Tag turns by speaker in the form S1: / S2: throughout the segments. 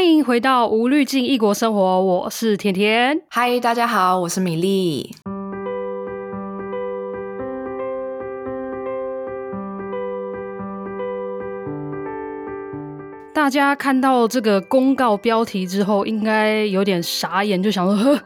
S1: 歡迎回到無濾鏡異國生活，我是恬恬。嗨，大家好，我是米莉。大家看到這個公
S2: 告標題之後，應該有點傻眼，就想說呵呵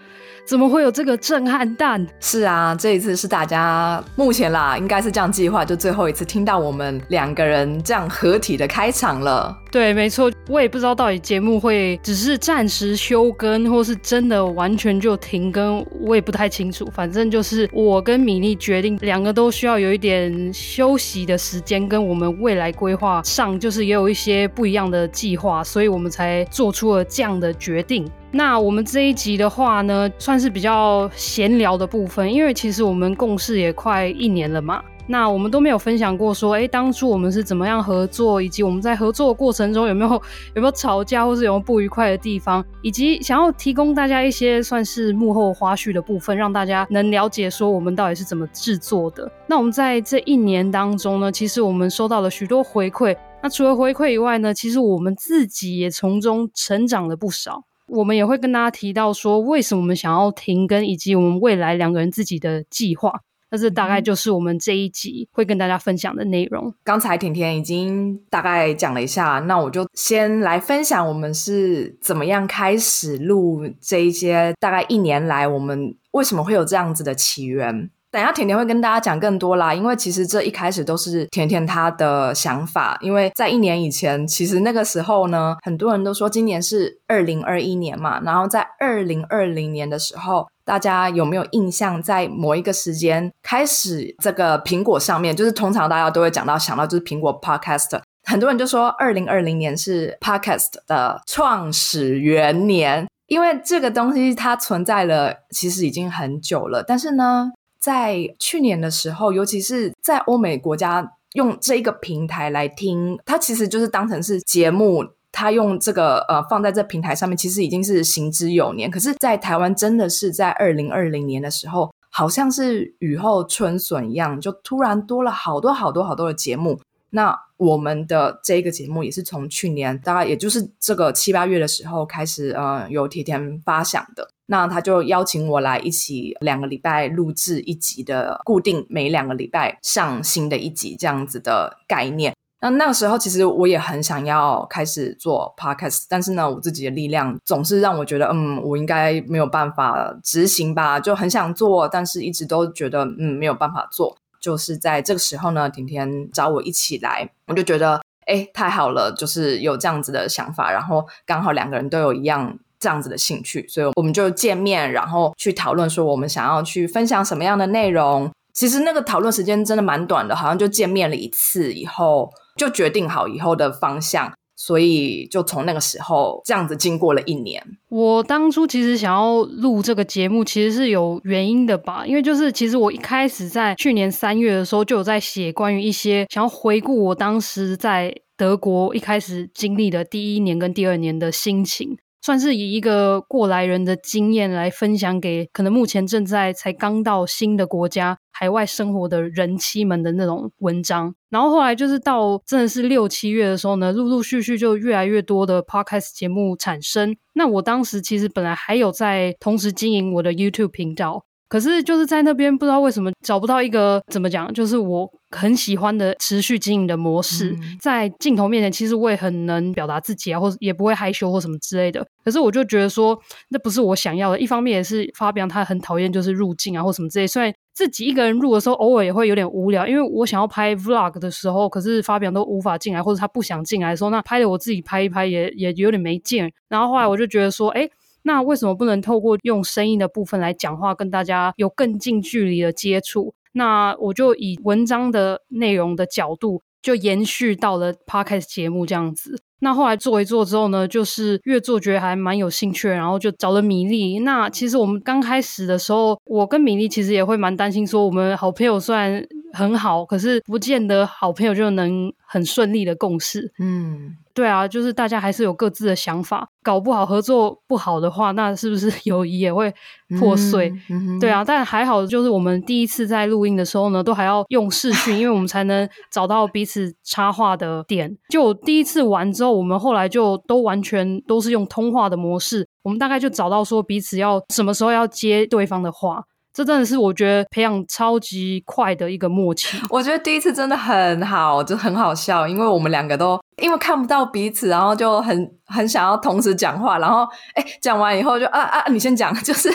S2: 怎麼會有這個震撼彈？是啊，這一次是大家目前啦，應該是這樣計劃，就最後一次聽到我們兩個人這樣合體的開場了。對，沒錯，我也不知道到底節目
S1: 會只是暫時休更，或是真的完全就停更，我也不太清楚。反正就是我跟米莉決定，兩個都需要有一點休息的時間，跟我們未來規劃上，就是也有一些不一樣的計劃，所以我們才做出了這樣的決定。那我們這一集的話呢，算是比較閒聊的部分，因為其實我們共事也快一年了嘛。那我們都沒有分享過說，哎、欸，當初我們是怎麼樣合作，以及我們在合作的過程中有沒有有沒有吵架，或是有沒有不愉快的地方，以及想要提供大家一些算是幕後花絮的部分，讓大家能了解說我們到底是怎麼製作的。那我們在這一年當中呢，其實我們收到了許多回饋。那除了回饋以外呢，其實我們自己也從中成長了不少。我們也會跟大家提到說，為什麼我們想要停更，以及我們未來兩個人自己的計劃。那這大概就是我們這一集會跟大家分享的內
S2: 容。剛才甜甜已經大概講了一下，那我就先來分享我們是怎麼樣開始錄這一些，大概一年來我們為什麼會有這樣子的起源。等一下，恬恬會跟大家講更多啦。因為其實這一開始都是恬恬她的想法。因為在一年以前，其實那個時候呢，很多人都說今年是二零二一年嘛。然後在二零二零年的時候，大家有沒有印象，在某一個時間開始，這個蘋果上面，就是通常大家都會講到想到，就是蘋果 Podcast。很多人就說，二零二零年是 Podcast 的創始元年，因為這個東西它存在了，其實已經很久了。但是呢，在去年的時候，尤其是在歐美國家，用這一個平台來聽，它其實就是當成是節目，它用這個呃，放在這平台上面，其實已經是行之有年。可是，在台灣真的是在二零二零年的時候，好像是雨後春筍一樣，就突然多了好多好多好多的節目。那我們的這一個節目也是從去年大概也就是這個七八月的時候開始，呃，有提前發響的。那他就邀請我來一起兩個禮拜錄制一集的固定，每兩個禮拜上新的一集這樣子的概念。那那個時候其實我也很想要開始做 Podcast，但是呢，我自己的力量總是讓我覺得，嗯，我應該沒有辦法執行吧？就很想做，但是一直都覺得，嗯，沒有辦法做。就是在這個時候呢，恬恬找我一起來，我就覺得，哎，太好了，就是有這樣子的想法，然後剛好兩個人都有一樣。這樣子的興趣，所以我們就見面，然後去討論說我們想要去分享什麼樣的內容。其實那個討論時間真的蠻短的，好像就見面了一次以後就決定好以後的方向，所以就從那個時候這樣子經過了一年。
S1: 我當初其實想要錄這個節目，其實是有原因的吧？因為就是其實我一開始在去年三月的時候就有在寫關於一些想要回顧我當時在德國一開始經歷的第一年跟第二年的心情。算是以一個過來人的經驗，來分享給可能目前正在才剛到新的國家海外生活的人妻們的那種文章。然後後來就是到真的是六七月的時候呢，陸陸續續就越來越多的 podcast 節目產生。那我當時其實本來還有在同時經營我的 YouTube 頻道，可是就是在那邊不知道為什麼找不到一個，怎麼講，就是我。很喜歡的持續經營的模式，嗯，在鏡頭面前其實我也很能表達自己啊，或者也不會害羞或什麼之類的。可是我就覺得說，那不是我想要的。一方面也是 Fabian 他很討厭就是入鏡啊或什麼之類。雖然自己一個人錄的時候，偶爾也會有點無聊，因為我想要拍 vlog 的時候，可是 Fabian 都無法進來，或者他不想進來的時候，那拍的我自己拍一拍也也有點沒勁。然後後來我就覺得說，哎，那為什麼不能透過用聲音的部分來講話，跟大家有更近距離的接觸？那我就以文章的內容的角度，就延續到了 podcast 節目這樣子。那後來做一做之後呢，就是越做覺得還蠻有興趣，然後就找了米莉。那其實我們剛開始的時候，我跟米莉其實也會蠻擔心，說我們好朋友雖然很好，可是不見得好朋友就能很順利的共事。嗯。對啊，就是大家還是有各自的想法，搞不好合作不好的話，那是不是友誼也會破碎？嗯、對啊、嗯，但還好，就是我們第一次在錄音的時候呢，都還要用視訊， 因為我們才能找到彼此插話的點。就第一次完之後，我們後來就都完全都是用通話的模式，我們大概就找到說彼此要什麼時候要接對方的話。
S2: 這真的是我覺得培養超級快的一個默契。我覺得第一次真的很好，就很好笑，因為我們兩個都。因為看不到彼此，然後就很很想要同時講話，然後哎，講完以後就啊啊，你先講。就是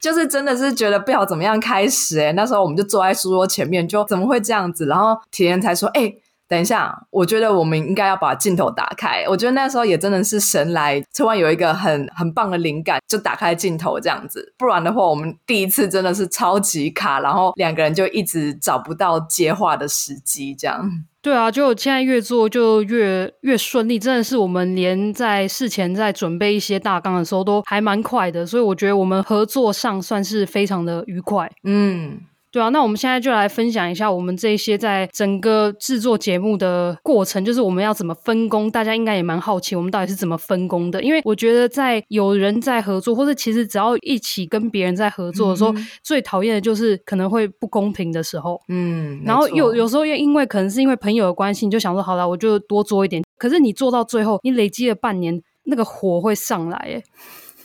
S2: 就是真的是覺得不曉得怎麼樣開始哎，那時候我們就坐在書桌前面，就怎麼會這樣子？然後恬恬才說：“哎，等一下，我覺得我們應該要把鏡頭打開。我覺得那時候也真的是神來突然有一個很很棒的靈感，就打開鏡頭這樣子，不然的話我們第一次真的是超級卡，然後兩個人就一直找不到接話的時機，這樣。”
S1: 對啊，就現在越做就越越順利，真的是我們連在事前在準備一些大綱的時候都還蠻快的，所以我覺得我們合作上算是非常的愉快。嗯。對啊，那我們現在就來分享一下我們這些在整個製作節目的過程，就是我們要怎麼分工。大家應該也蠻好奇，我們到底是怎麼分工的？因為我覺得，在有人在合作，或者其實只要一起跟別人在合作的時候，嗯，最討厭的就是可能會不公平的時候。嗯，然後有有時候又因為可能是因為朋友的關係，你就想說好了，我就多做一點。可是你做到最後，你累積了半年，那個火會上來誒。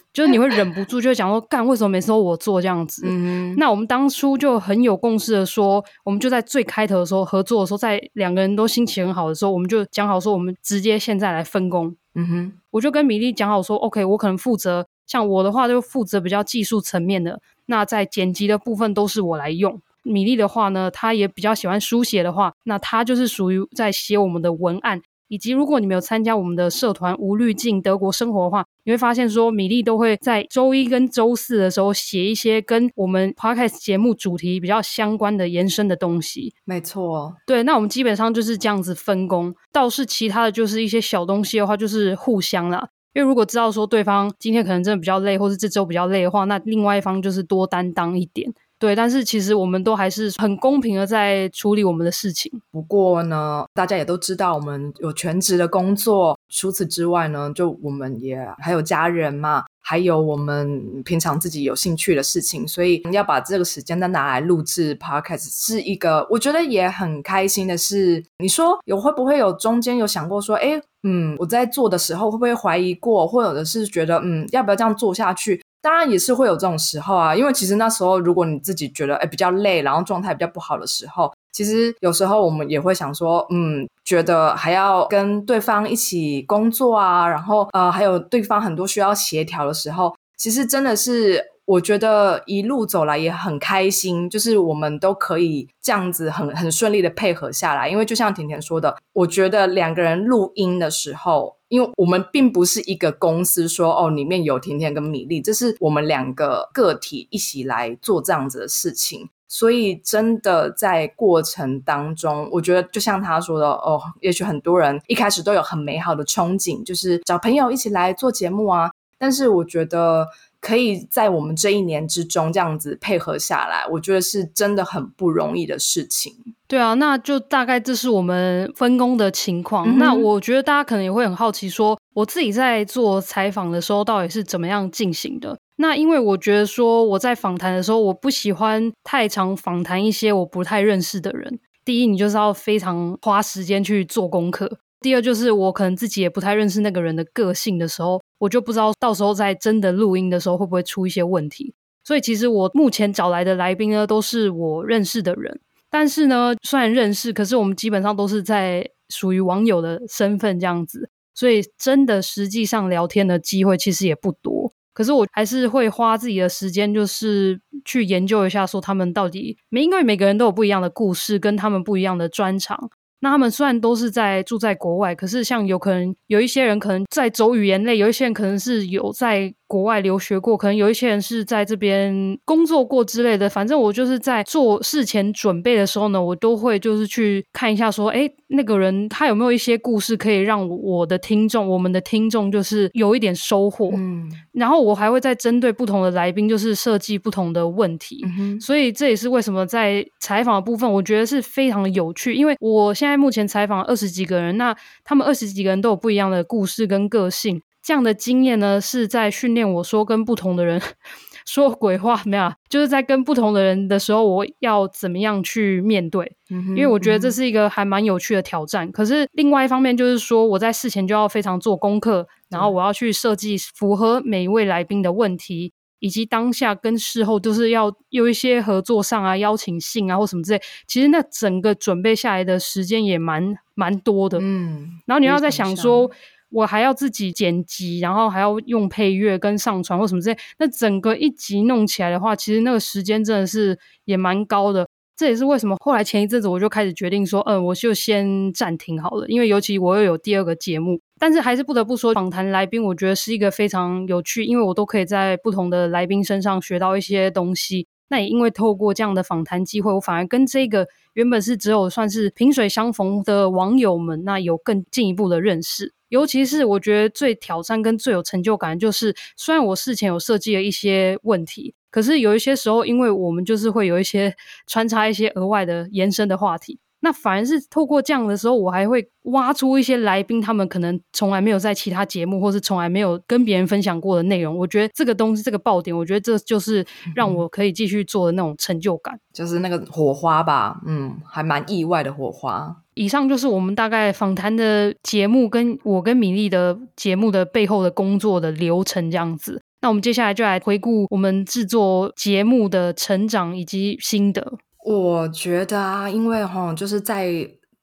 S1: 就是你會忍不住就會講說，幹為什麼每次我做這樣子、嗯？那我們當初就很有共識的說，我們就在最開頭的時候合作的時候，在兩個人都心情很好的時候，我們就講好說，我們直接現在來分工。嗯哼，我就跟米莉講好說，OK，我可能負責像我的話就負責比較技術層面的，那在剪輯的部分都是我來用。米莉的話呢，她也比較喜歡書寫的話，那她就是屬於在寫我們的文案。以及，如果你沒有參加我們的社團“無濾鏡德國生活”的話，你會發現說米莉都會在週一跟週四的時候寫一些跟我們 podcast 節目主題比較相關的延伸的東西。沒錯、哦，對，那我們基本上就是這樣子分工。倒是其他的就是一些小東西的話，就是互相啦。因為如果知道說對方今天可能真的比較累，或是這週比較累的話，那另外一方就是多擔當一點。
S2: 對，但是其實我們都還是很公平的在處理我們的事情。不過呢，大家也都知道，我們有全職的工作，除此之外呢，就我們也還有家人嘛，還有我們平常自己有興趣的事情，所以要把這個時間呢拿來錄製 Podcast 是一個我覺得也很開心的事。你說有會不會有中間有想過說，哎？嗯，我在做的時候會不會懷疑過？或者是覺得，嗯，要不要這樣做下去？當然也是會有這種時候啊，因為其實那時候如果你自己覺得，哎，比較累，然後狀態比較不好的時候，其實有時候我們也會想說，嗯，覺得還要跟對方一起工作啊，然後呃，還有對方很多需要協調的時候，其實真的是。我覺得一路走來也很開心，就是我們都可以這樣子很很順利的配合下來。因為就像恬恬說的，我覺得兩個人錄音的時候，因為我們並不是一個公司說，說哦裡面有恬恬跟米莉，這是我們兩個個體一起來做這樣子的事情。所以真的在過程當中，我覺得就像他說的，哦，也許很多人一開始都有很美好的憧憬，就是找朋友一起來做節目啊。但是我覺得可以在我們這一年之中這樣子配合下來，我覺得是真的很不容易的事情。
S1: 對啊，那就大概這是我們分工的情況。嗯、那我覺得大家可能也會很好奇說，說我自己在做採訪的時候到底是怎麼樣進行的？那因為我覺得說我在訪談的時候，我不喜歡太常訪談一些我不太認識的人。第一，你就是要非常花時間去做功課；第二，就是我可能自己也不太認識那個人的個性的時候。我就不知道到時候在真的錄音的時候會不會出一些問題，所以其實我目前找來的來賓呢，都是我認識的人，但是呢，雖然認識，可是我們基本上都是在屬於網友的身份這樣子，所以真的實際上聊天的機會其實也不多，可是我還是會花自己的時間，就是去研究一下，說他們到底每因為每個人都有不一樣的故事，跟他們不一樣的專長。那他們雖然都是在住在國外，可是像有可能有一些人可能在走語言類，有一些人可能是有在。國外留學過，可能有一些人是在這邊工作過之類的。反正我就是在做事前準備的時候呢，我都會就是去看一下說，說誒那個人他有沒有一些故事可以讓我的聽眾、我們的聽眾就是有一點收穫。嗯，然後我還會再針對不同的來賓，就是設計不同的問題。嗯哼，所以這也是為什麼在採訪的部分，我覺得是非常有趣，因為我現在目前採訪二十幾個人，那他們二十幾個人都有不一樣的故事跟個性。這樣的經驗呢，是在訓練我說跟不同的人 說鬼話沒有？就是在跟不同的人的時候，我要怎麼樣去面對，嗯？因為我覺得這是一個還蠻有趣的挑戰，嗯。可是另外一方面，就是說我在事前就要非常做功課，然後我要去設計符合每一位來賓的問題，嗯，以及當下跟事後就是要有一些合作上啊、邀請信啊或什麼之類。其實那整個準備下來的時間也蠻蠻多的。嗯，然後你要在想說。我還要自己剪輯，然後還要用配樂跟上傳或什麼之類。那整個一集弄起來的話，其實那個時間真的是也蠻高的。這也是為什麼後來前一陣子我就開始決定說，嗯，我就先暫停好了。因為尤其我又有第二個節目，但是還是不得不說，訪談來賓我覺得是一個非常有趣，因為我都可以在不同的來賓身上學到一些東西。那也因為透過這樣的訪談機會，我反而跟這個原本是只有算是萍水相逢的網友們，那有更進一步的認識。尤其是我覺得最挑戰跟最有成就感，就是雖然我事前有設計了一些問題，可是有一些時候，因為我們就是會有一些穿插一些額外的延伸的話題。那反而是透過這樣的時候，我還會挖出一些來賓他們可能從來沒有在其他節目，或是從來沒有跟別人分享過的內容。我覺得這個東西，這個爆點，我覺得這就是讓我可以繼續做的那種
S2: 成就感，就是那個火花吧。嗯，還蠻意外的火花。
S1: 以上就是我們大概訪談的節目，跟我跟米莉的節目的背後的工作的流程這樣子。那我們接下來就來回顧我們製作節目的成長以
S2: 及心得。我覺得啊，因為齁，就是在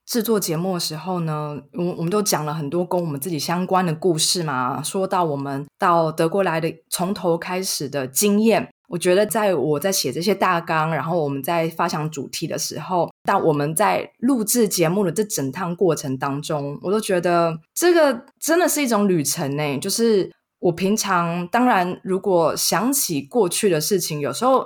S2: 製作節目的時候呢，我我們都講了很多跟我們自己相關的故事嘛。說到我們到德國來的，從頭開始的經驗，我覺得在我在寫這些大綱，然後我們在發想主題的時候，到我們在錄製節目的這整趟過程當中，我都覺得這個真的是一種旅程呢。就是我平常當然，如果想起過去的事情，有時候。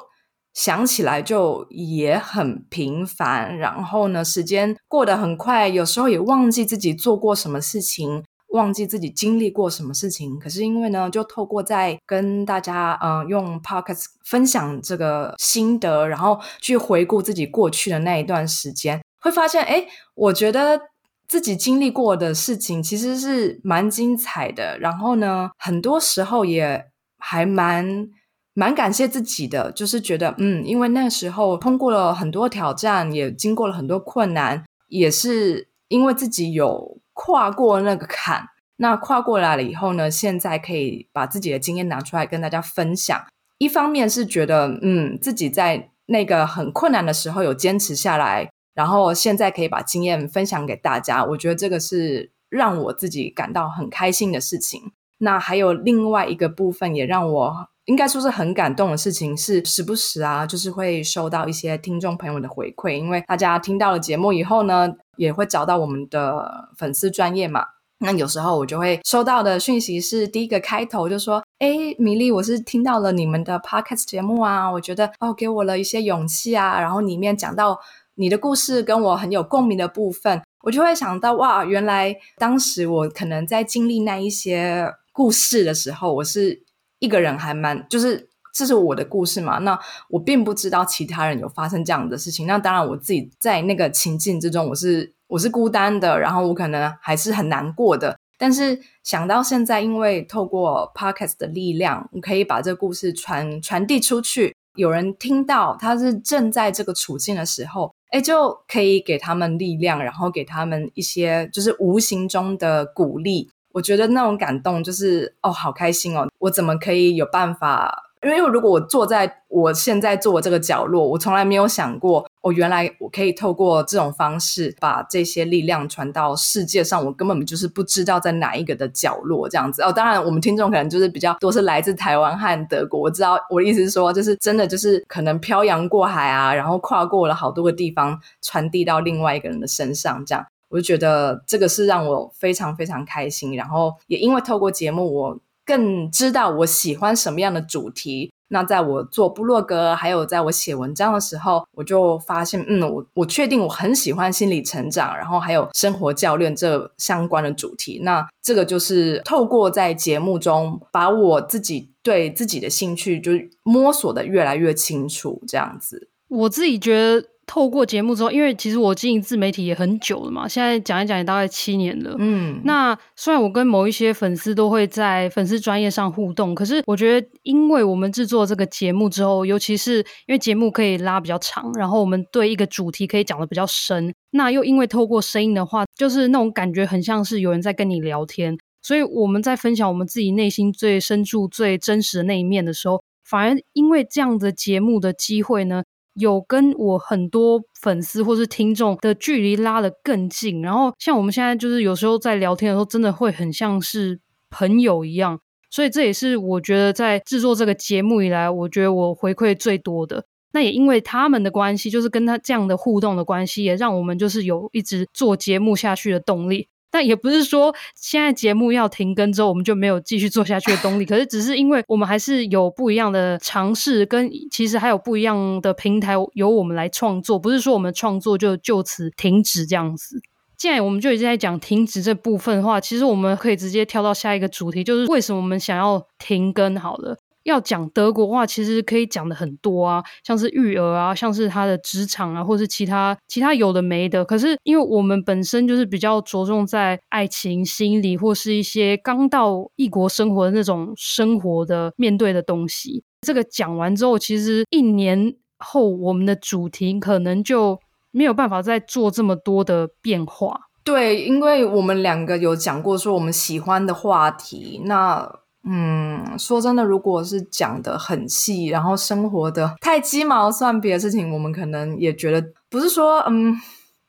S2: 想起來就也很平凡，然後呢，時間過得很快，有時候也忘記自己做過什麼事情，忘記自己經歷過什麼事情。可是因為呢，就透過在跟大家嗯、呃、用 Podcast 分享這個心得，然後去回顧自己過去的那一段時間，會發現，誒，我覺得自己經歷過的事情其實是蠻精彩的。然後呢，很多時候也還蠻。蠻感謝自己的，就是覺得嗯，因為那時候通過了很多挑戰，也經過了很多困難，也是因為自己有跨過那個坎。那跨過來了以後呢，現在可以把自己的經驗拿出來跟大家分享。一方面是覺得嗯，自己在那個很困難的時候有堅持下來，然後現在可以把經驗分享給大家，我覺得這個是讓我自己感到很開心的事情。那還有另外一個部分，也讓我。應該說是很感動的事情，是時不時啊，就是會收到一些聽眾朋友的回饋，因為大家聽到了節目以後呢，也會找到我們的粉絲專業嘛。那有時候我就會收到的訊息是第一個開頭就說：“誒，米莉，我是聽到了你們的 podcast 節目啊，我覺得哦，給我了一些勇氣啊，然後裡面講到你的故事跟我很有共鳴的部分，我就會想到哇，原來當時我可能在經歷那一些故事的時候，我是。”一個人還蠻，就是這是我的故事嘛。那我並不知道其他人有發生這樣的事情。那當然，我自己在那個情境之中，我是我是孤單的，然後我可能還是很難過的。但是想到現在，因為透過 Podcast 的力量，我可以把這個故事傳傳遞出去，有人聽到他是正在這個處境的時候，誒，就可以給他們力量，然後給他們一些就是無形中的鼓勵。我覺得那種感動就是哦，好開心哦！我怎麼可以有辦法？因為如果我坐在我現在坐的這個角落，我從來沒有想過，我、哦、原來我可以透過這種方式把這些力量傳到世界上。我根本就是不知道在哪一個的角落這樣子哦。當然，我們聽眾可能就是比較多是來自台灣和德國。我知道我的意思是說，就是真的就是可能漂洋過海啊，然後跨過了好多個地方，傳遞到另外一個人的身上這樣。我就覺得這個是讓我非常非常開心，然後也因為透過節目，我更知道我喜歡什麼樣的主題。那在我做部落格，還有在我寫文章的時候，我就發現，嗯，我我確定我很喜歡心理成長，然後還有生活教練這相關的主題。那這個就是透過在節目中，把我自己對自己的興趣就是摸索得越來越清楚，這樣子。
S1: 我自己覺得。透過節目之後，因為其實我經營自媒體也很久了嘛，現在講一講也大概七年了。嗯，那雖然我跟某一些粉絲都會在粉絲專頁上互動，可是我覺得，因為我們製作這個節目之後，尤其是因為節目可以拉比較長，然後我們對一個主題可以講得比較深，那又因為透過聲音的話，就是那種感覺很像是有人在跟你聊天，所以我們在分享我們自己內心最深處、最真實的那一面的時候，反而因為這樣的節目的機會呢。有跟我很多粉絲或是聽眾的距離拉得更近，然後像我們現在就是有時候在聊天的時候，真的會很像是朋友一樣，所以這也是我覺得在製作這個節目以來，我覺得我回饋最多的。那也因為他們的關係，就是跟他這樣的互動的關係，也讓我們就是有一直做節目下去的動力。但也不是說現在節目要停更之後，我們就沒有繼續做下去的動力。可是只是因為我們還是有不一樣的嘗試，跟其實還有不一樣的平台由我們來創作，不是說我們創作就就此停止這樣子。既然我們就已經在講停止這部分的話，其實我們可以直接跳到下一個主題，就是為什麼我們想要停更。好了。要講德國話，其實可以講得很多啊，像是育兒啊，像是他的職場啊，或是其他其他有的沒的。可是因為我們本身就是比較着重在愛情、心理或是一些剛到異國生活的那種生活的面對的東西。這個講完之後，其實一年後我們的主題可能就沒有辦法再做這麼多的變化。對，
S2: 因為我們兩個有講過說我們喜歡的話題，那。嗯，說真的，如果是講得很細，然後生活的太雞毛蒜皮的事情，我們可能也覺得不是說，嗯。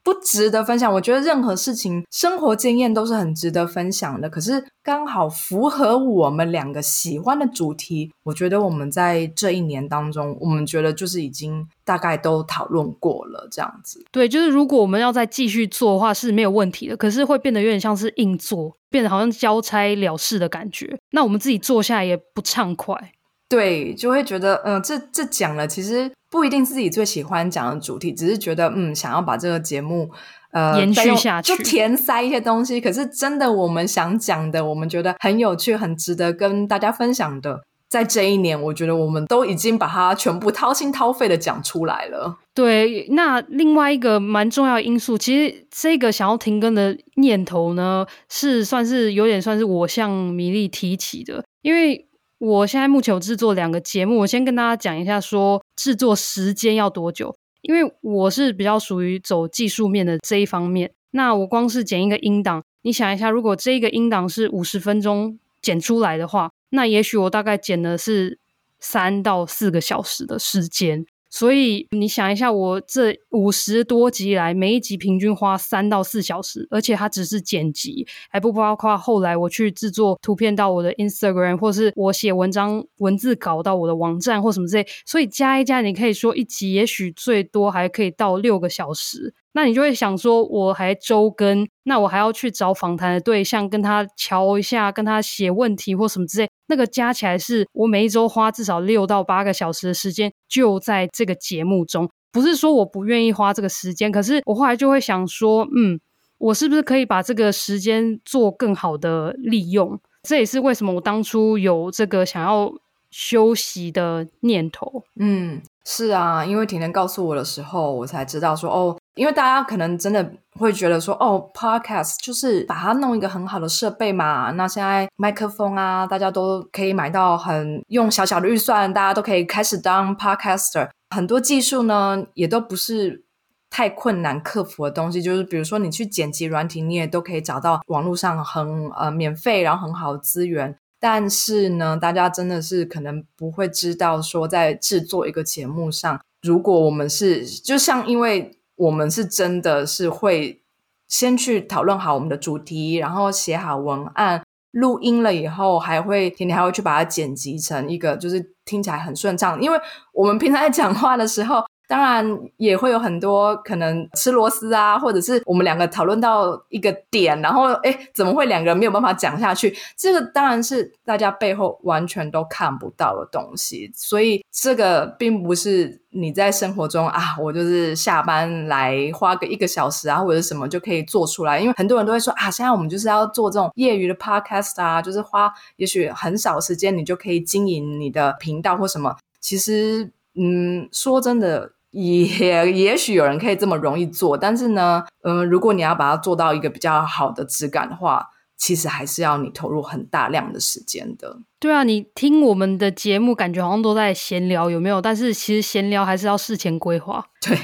S2: 不值得分享，我覺得任何事情、生活經驗都是很值得分享的。可是剛好符合我們兩個喜歡的主題，我覺得我們在這一年當中，我們覺得就是已經大概都討論過了這樣子。
S1: 對，就是如果我們要再繼續做的話是沒有問題的，可是會變得有點像是硬做，變得好像交差了事的感覺。那我們自己做下來也不暢快，
S2: 對，就會覺得嗯、呃，這這講了其實。不一定自己最喜歡講的主題，只是覺得嗯，想要把這個節目、呃、延續下去，就填塞一些東西。可是真的，我們想講的，我們覺得很有趣、很值得跟大家分享的，在這一年，我覺得我們都已經把它全部掏心掏肺的講出來了。
S1: 對，那另外一個蠻重要的因素，其實這個想要停更的念頭呢，是算是有點算是我向米莉提起的，因為。我現在目前我製作兩個節目，我先跟大家講一下，說製作時間要多久。因為我是比較屬於走技術面的這一方面，那我光是剪一個音檔，你想一下，如果這個音檔是五十分鐘剪出來的話，那也許我大概剪的是三到四個小時的時間。所以你想一下，我這五十多集以來，每一集平均花三到四小時，而且它只是剪輯，還不包括後來我去制作圖片到我的 Instagram 或是我寫文章文字稿到我的網站或什麼之類。所以加一加，你可以說一集也許最多還可以到六個小時。那你就會想說，我還周更，那我還要去找訪談的對象，跟他聊一下，跟他寫問題或什麼之類。那個加起來是我每一周花至少六到八個小時的時間，就在這個節目中。不是說我不願意花這個時間，可是我後來就會想說，嗯，我是不是可以把這個時間做更好的利用？這也是為什麼我當初有這個
S2: 想要休息的念頭。嗯，是啊，因為恬恬告訴我的時候，我才知道說哦。因為大家可能真的會覺得說，哦，Podcast 就是把它弄一個很好的設備嘛。那現在麥克風啊，大家都可以買到很，用小小的預算，大家都可以開始當 Podcaster。很多技術呢，也都不是太困難克服的東西。就是比如說你去剪輯軟體，你也都可以找到網絡上很，呃，免費，然後很好的資源。但是呢，大家真的是可能不會知道說，在制作一個節目上，如果我們是就像因為我們是真的是會先去討論好我們的主題，然後寫好文案，錄音了以後，還會恬恬還會去把它剪輯成一個，就是聽起來很順暢，因為我們平常在講話的時候，當然也會有很多可能吃螺絲啊，或者是我們兩個討論到一個點，然後哎，怎麼會兩個沒有辦法講下去？這個當然是大家背後完全都看不到的東西，所以這個並不是你在生活中啊，我就是下班來花個一個小時啊，或者什麼就可以做出來。因為很多人都會說啊，現在我們就是要做這種業餘的 Podcast 啊，就是花也許很少時間你就可以經營你的頻道或什麼。其實，嗯，說真的。Yeah, 也也許有人可以這麼容易做，但是呢，嗯，如果你要把它做到一個比較好的質感的話，其實還是要你投入很大量的時間的。
S1: 對啊，你聽我們的節目，感覺好像都在閒聊，有沒有？但是其實閒聊還是要事前規劃。對，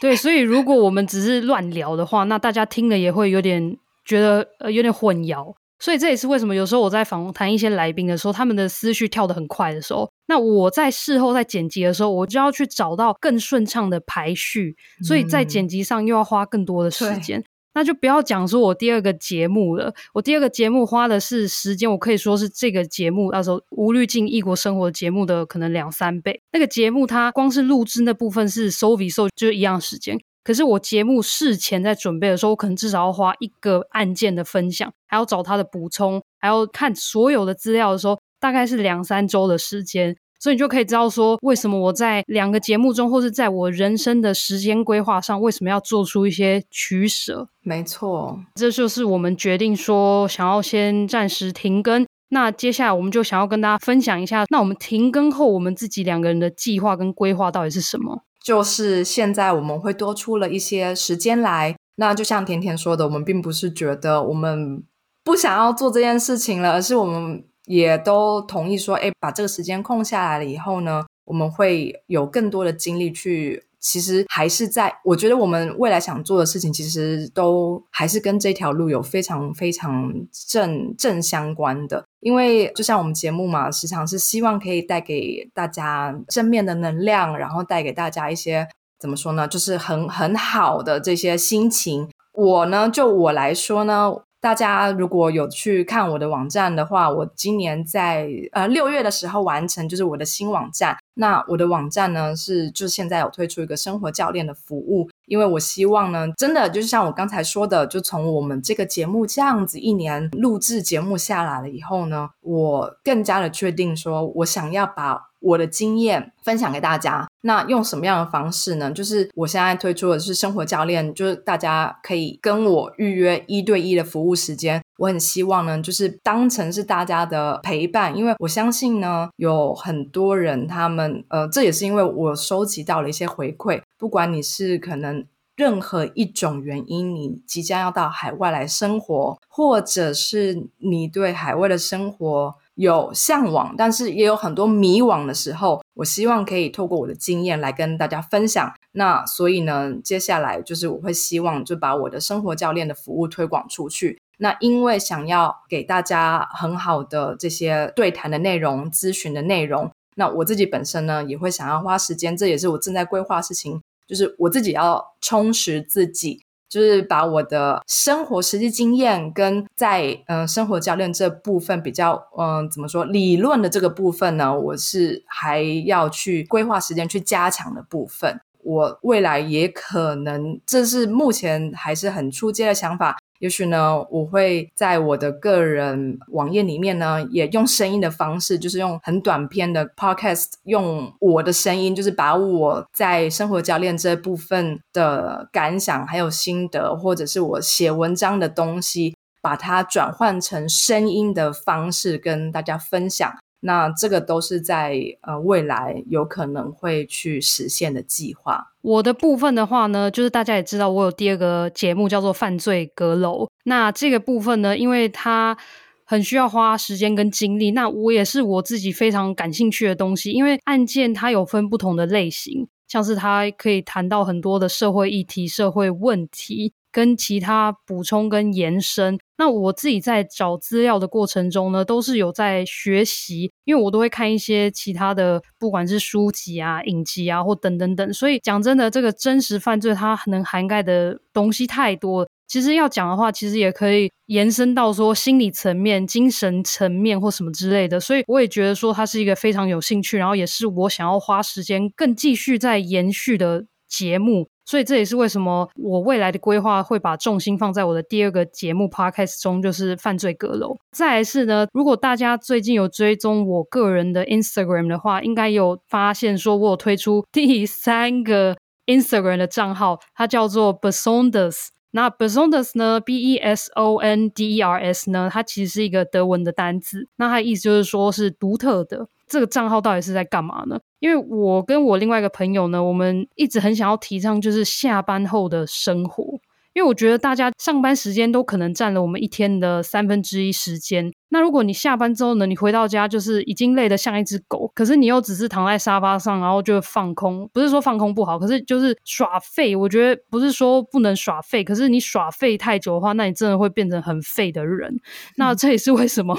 S1: 對，所以如果我們只是亂聊的話， 那大家聽了也會有點覺得呃有點混淆。所以這也是為什麼有時候我在訪談一些來賓的時候，他們的思緒跳得很快的時候，那我在事後在剪輯的時候，我就要去找到更順暢的排序，所以在剪輯上又要花更多的時間。嗯、那就不要講說我第二個節目了，我第二個節目花的是時間，我可以說是這個節目那時候無濾鏡異國生活節目的可能兩三倍。那個節目它光是錄製那部分是收比收就是一樣時間。可是我節目事前在準備的時候，我可能至少要花一個案件的分享，還要找他的補充，還要看所有的資料的時候，大概是兩三周的時間。所以你就可以知道說，為什麼我在兩個節目中，或是在我人生的時間規劃上，為什麼要做出一些取舍？沒錯，這就是我們決定說想要先暫時停更。那接下來我們就想要跟大家分享一下，那我們停更後，我們自己兩個人的計劃跟規劃到底是什麼？
S2: 就是現在，我們會多出了一些時間來。那就像恬恬說的，我們並不是覺得我們不想要做這件事情了，而是我們也都同意說，哎，把這個時間空下來了以後呢，我們會有更多的精力去。其實還是在，我覺得我們未來想做的事情，其實都還是跟這條路有非常非常正正相關的。因為就像我們節目嘛，時常是希望可以帶給大家正面的能量，然後帶給大家一些怎麼說呢？就是很很好的這些心情。我呢，就我來說呢，大家如果有去看我的網站的話，我今年在呃六月的時候完成，就是我的新網站。那我的網站呢是，就現在有推出一個生活教練的服務，因為我希望呢，真的就是像我剛才說的，就從我們這個節目這樣子一年錄製節目下來了以後呢，我更加的確定說我想要把。我的經驗分享給大家。那用什麼樣的方式呢？就是我現在推出的是生活教練，就是大家可以跟我預約一對一的服務時間。我很希望呢，就是當成是大家的陪伴，因為我相信呢，有很多人，他們，呃，這也是因為我收集到了一些回饋。不管你是可能任何一種原因，你即將要到海外來生活，或者是你對海外的生活。有嚮往，但是也有很多迷惘的時候。我希望可以透過我的經驗來跟大家分享。那所以呢，接下來就是我會希望就把我的生活教練的服務推廣出去。那因為想要給大家很好的這些對談的內容、諮詢的內容，那我自己本身呢也會想要花時間，這也是我正在規劃的事情，就是我自己要充實自己。就是把我的生活實際經驗跟在嗯、呃、生活教練這部分比較嗯、呃、怎麼說，理論的這個部分呢，我是還要去規劃時間去加強的部分，我未來也可能，這是目前還是很初階的想法。也許呢，我會在我的個人網頁裡面呢，也用聲音的方式，就是用很短篇的 podcast，用我的聲音，就是把我在生活教練這部分的感想，還有心得，或者是我寫文章的東西，把它轉換成聲音的方式跟大家分享。那這個都是在呃未來有可能會去實現的計劃。
S1: 我的部分的話呢，就是大家也知道，我有第二個節目叫做《犯罪閣樓》。那這個部分呢，因為它很需要花時間跟精力，那我也是我自己非常感興趣的東西，因為案件它有分不同的類型，像是它可以談到很多的社會議題、社會問題。跟其他補充跟延伸，那我自己在找資料的過程中呢，都是有在學習，因為我都會看一些其他的，不管是書籍啊、影集啊，或等等等。所以講真的，這個真實犯罪它能涵蓋的東西太多。其實要講的話，其實也可以延伸到說心理層面、精神層面或什麼之類的。所以我也覺得說它是一個非常有興趣，然後也是我想要花時間更繼續再延續的節目。所以這也是為什麼我未來的規劃會把重心放在我的第二個節目 Podcast 中，就是《犯罪閣樓》。再來是呢，如果大家最近有追蹤我個人的 Instagram 的話，應該有發現說我有推出第三個 Instagram 的賬號，它叫做 Besonders。那 Besonders 呢，B-E-S-O-N-D-E-R-S 呢，它其實是一個德文的單字，那它意思就是說是獨特的。這個賬號到底是在幹嘛呢？因為我跟我另外一個朋友呢，我們一直很想要提倡，就是下班後的生活。因為我覺得大家上班時間都可能占了我們一天的三分之一時間。那如果你下班之後呢，你回到家就是已經累得像一只狗，可是你又只是躺在沙發上，然後就放空。不是說放空不好，可是就是耍廢。我覺得不是說不能耍廢，可是你耍廢太久的話，那你真的會變成很廢的人。嗯、那這也是為什麼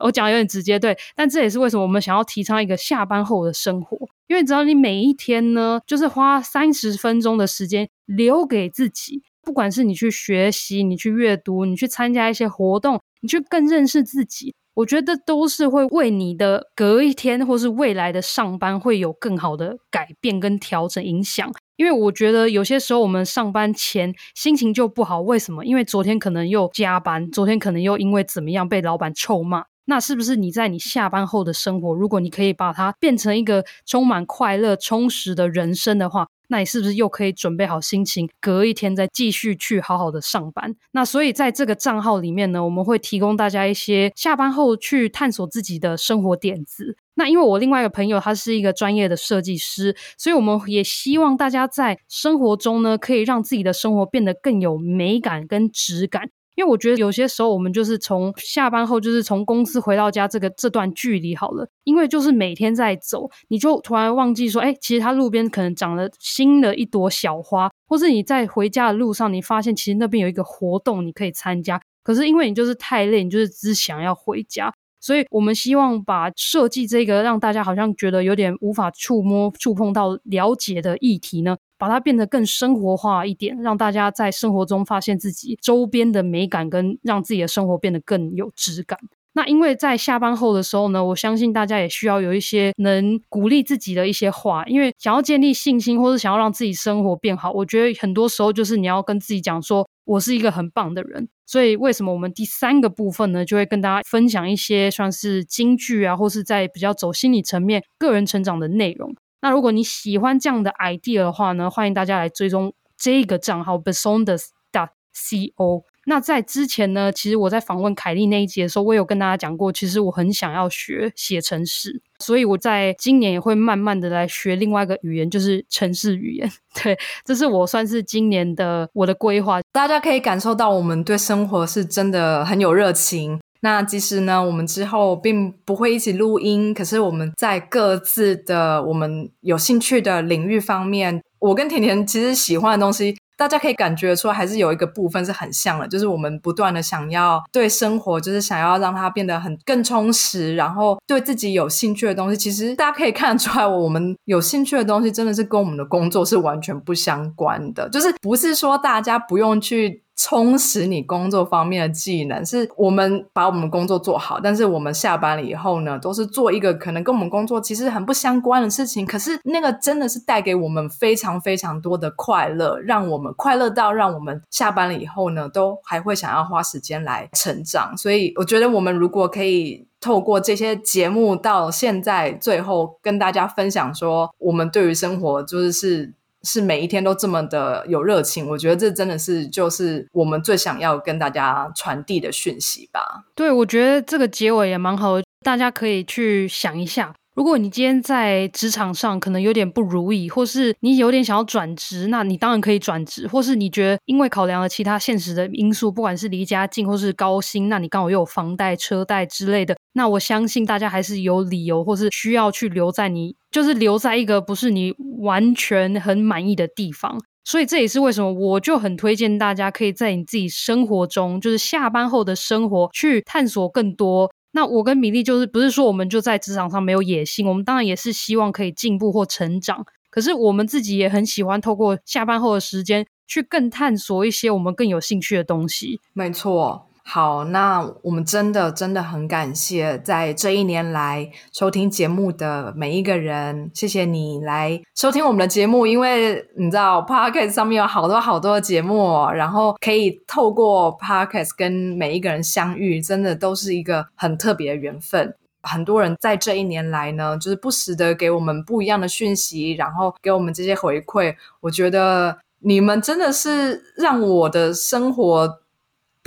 S1: 我講的有點直接。對，但這也是為什麼我們想要提倡一個下班後的生活。因為只要你每一天呢，就是花三十分鐘的時間留給自己。不管是你去學習、你去閱讀、你去參加一些活動，你去更認識自己。我覺得都是會為你的隔一天，或是未來的上班會有更好的改變跟調整影響。因為我覺得有些時候我們上班前心情就不好，為什麼？因為昨天可能又加班，昨天可能又因為怎麼樣被老板臭罵。那是不是你在你下班後的生活，如果你可以把它變成一個充滿快樂、充實的人生的話，那你是不是又可以準備好心情，隔一天再繼續去好好的上班？那所以在這個賬號裡面呢，我們會提供大家一些下班後去探索自己的生活點子。那因為我另外一個朋友，他是一個專業的設計師，所以我們也希望大家在生活中呢，可以讓自己的生活變得更有美感跟質感。因為我覺得有些時候，我們就是從下班後，就是從公司回到家這個這段距離好了。因為就是每天在走，你就突然忘記說，哎、欸，其實它路邊可能長了新的一朵小花，或是你在回家的路上，你發現其實那邊有一個活動，你可以參加。可是因為你就是太累，你就是只想要回家。所以我們希望把設計這個讓大家好像覺得有點無法觸摸、觸碰到、了解的議題呢。把它變得更生活化一點，讓大家在生活中發現自己周邊的美感，跟讓自己的生活變得更有質感。那因為在下班後的時候呢，我相信大家也需要有一些能鼓勵自己的一些話。因為想要建立信心，或是想要讓自己生活變好，我覺得很多時候就是你要跟自己講說：“我是一個很棒的人。”所以為什麼我們第三個部分呢，就會跟大家分享一些算是金句啊，或是在比較走心理層面、個人成長的內容。那如果你喜歡這樣的 idea 的話呢，歡迎大家來追蹤這個賬號 besonders.co。那在之前呢，其實我在訪問凱莉那一集的時候，我有跟大家講過，其實我很想要學寫程式，所以我在今年也會慢慢的來學另外一個語言，就是程式語言。對，
S2: 這是我算是今年的我的規劃。大家可以感受到我們對生活是真的很有熱情。那其實呢，我們之後並不會一起錄音，可是我們在各自的我們有興趣的領域方面，我跟恬恬其實喜歡的東西，大家可以感覺出來，還是有一個部分是很像的，就是我們不斷的想要對生活，就是想要讓它變得很更充實，然後對自己有興趣的東西，其實大家可以看出來，我們有興趣的東西真的是跟我們的工作是完全不相關的，就是不是說大家不用去。充實你工作方面的技能，是我們把我們工作做好。但是我們下班了以後呢，都是做一個可能跟我們工作其實很不相關的事情。可是那個真的是帶給我們非常非常多的快樂，讓我們快樂到讓我們下班了以後呢，都還會想要花時間來成長。所以我覺得，我們如果可以透過這些節目到現在最後跟大家分享，說我們對於生活就是是。是每一天都這麼的有熱情，我覺得這真的是就是我們最想要跟大家傳遞的訊息吧。
S1: 對，我覺得這個結尾也蠻好的，大家可以去想一下。如果你今天在職場上可能有點不如意，或是你有點想要轉職，那你當然可以轉職。或是你覺得因為考量了其他現實的因素，不管是離家近或是高薪，那你剛好又有房貸、車貸之類的，那我相信大家還是有理由或是需要去留在你，就是留在一個不是你完全很滿意的地方。所以這也是為什麼我就很推薦大家可以在你自己生活中，就是下班後的生活去探索更多。那我跟米莉就是不是說我們就在職場上沒有野心，我們當然也是希望可以進步或成長。可是我們自己也很喜歡透過
S2: 下班後的時間去更探索一些我們更有興趣的東西。沒錯。好，那我們真的真的很感謝，在這一年來收聽節目的每一個人，謝謝你來收聽我們的節目。因為你知道 Podcast 上面有好多好多的節目，然後可以透過 Podcast 跟每一個人相遇，真的都是一個很特別的緣分。很多人在這一年來呢，就是不時的給我們不一樣的訊息，然後給我們這些回饋。我覺得你們真的是讓我的生活。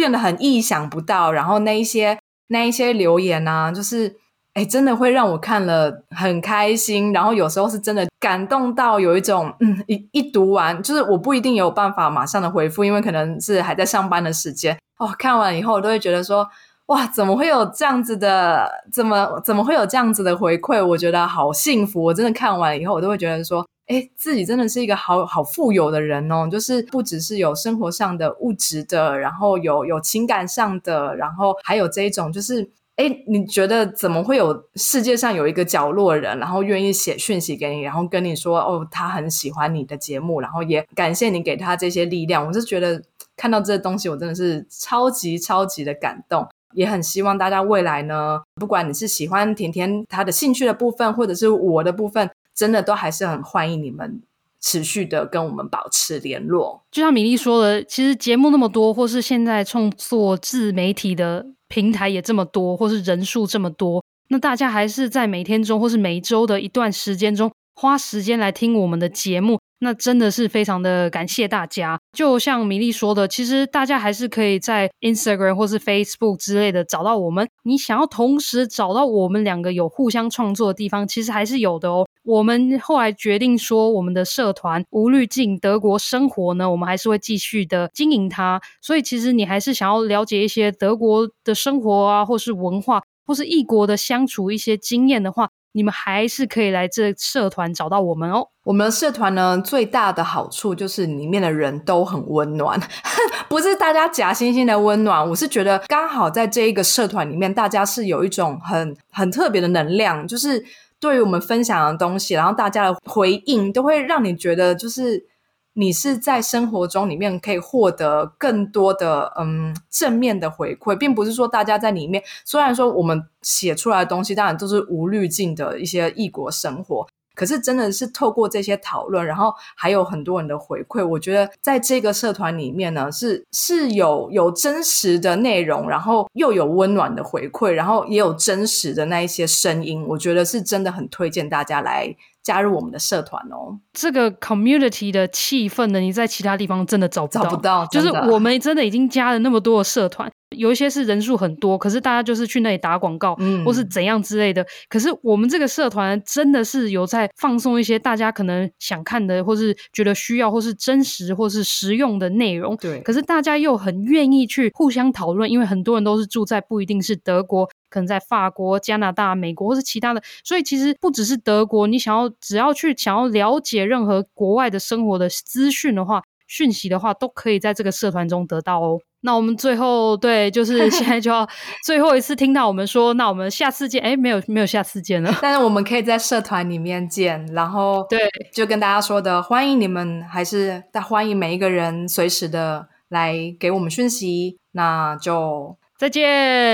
S2: 變得很意想不到，然後那一些那一些留言啊，就是哎、欸，真的會讓我看了很開心，然後有時候是真的感動到有一種，嗯，一一讀完，就是我不一定有辦法馬上的回復，因為可能是還在上班的時間哦。看完以後，我都會覺得說，哇，怎麼會有這樣子的，怎麼怎麼會有這樣子的回饋？我覺得好幸福。我真的看完以後，我都會覺得說，哎，自己真的是一個好好富有的人哦，就是不只是有生活上的物質的，然後有有情感上的，然後還有這一種，就是哎，你覺得怎麼會有世界上有一個角落人，然後願意寫訊息給你，然後跟你說哦，他很喜歡你的節目，然後也感謝你給他這些力量。我是覺得看到這些東西，我真的是超級超級的感動，也很希望大家未來呢，不管你是喜歡恬恬她的興趣的部分，或者是我的部分，真的都還是很歡迎你們持續的跟我們保持聯絡。
S1: 就像米莉說的，其實節目那麼多，或是現在創作自媒體的平台也這麼多，或是人數這麼多，那大家還是在每天中或是每週的一段時間中花時間來聽我們的節目。那真的是非常的感謝大家。就像米莉說的，其實大家還是可以在 Instagram 或是 Facebook 之類的找到我們。你想要同時找到我們兩個有互相創作的地方，其實還是有的哦。我們後來決定說，我們的社團無濾鏡德國生活呢，我們還是會繼續的經營它。所以，其實你還是想要了解一些德國的生活啊，或是文化，或是異國的相處一些經驗的話，
S2: 你們還是可以來這社團找到我們哦。我們的社團呢，最大的好處就是裡面的人都很溫暖， 不是大家假惺惺的溫暖。我是覺得剛好在這一個社團裡面，大家是有一種很很特別的能量，就是對於我們分享的東西，然後大家的回應都會讓你覺得就是。你是在生活中裡面可以獲得更多的嗯正面的回饋，並不是說大家在裡面，雖然說我們寫出來的東西當然都是無濾鏡的一些異國生活，可是真的是透過這些討論，然後還有很多人的回饋，我覺得在這個社團裡面呢，是是有有真實的內容，然後又有溫暖的回饋，然後也有真實的那一些聲音，我覺得是真的很推薦大家來加入我們的社團哦。
S1: 這個 community 的氣氛呢，你在其他地方真的找不到，找不到。就是我們真的已經加了那麼多的社團。有一些是人數很多，可是大家就是去那裡打廣告，嗯，或是怎樣之類的。可是我們這個社團真的是有在放送一些大家可能想看的，或是覺得需要，或是真實或是實用的內容。對，可是大家又很願意去互相討論，因為很多人都是住在不一定是德國，可能在法國、加拿大、美國或是其他的。所以其實不只是德國，你想要只要去想要了解任何國外的生活的資訊的話。訊息的話，都可以在這個社團中得到哦。那我們最後對，就是現在就要最後一次聽到我們說， 那我們下次見。誒，沒有沒有下次見了，但是我
S2: 們可以在社團裡面見。然後對，就跟大家說的，歡迎你們，還是歡迎每一個人，隨時的來給我們訊息。那就再見，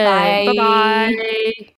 S2: 拜拜。拜拜。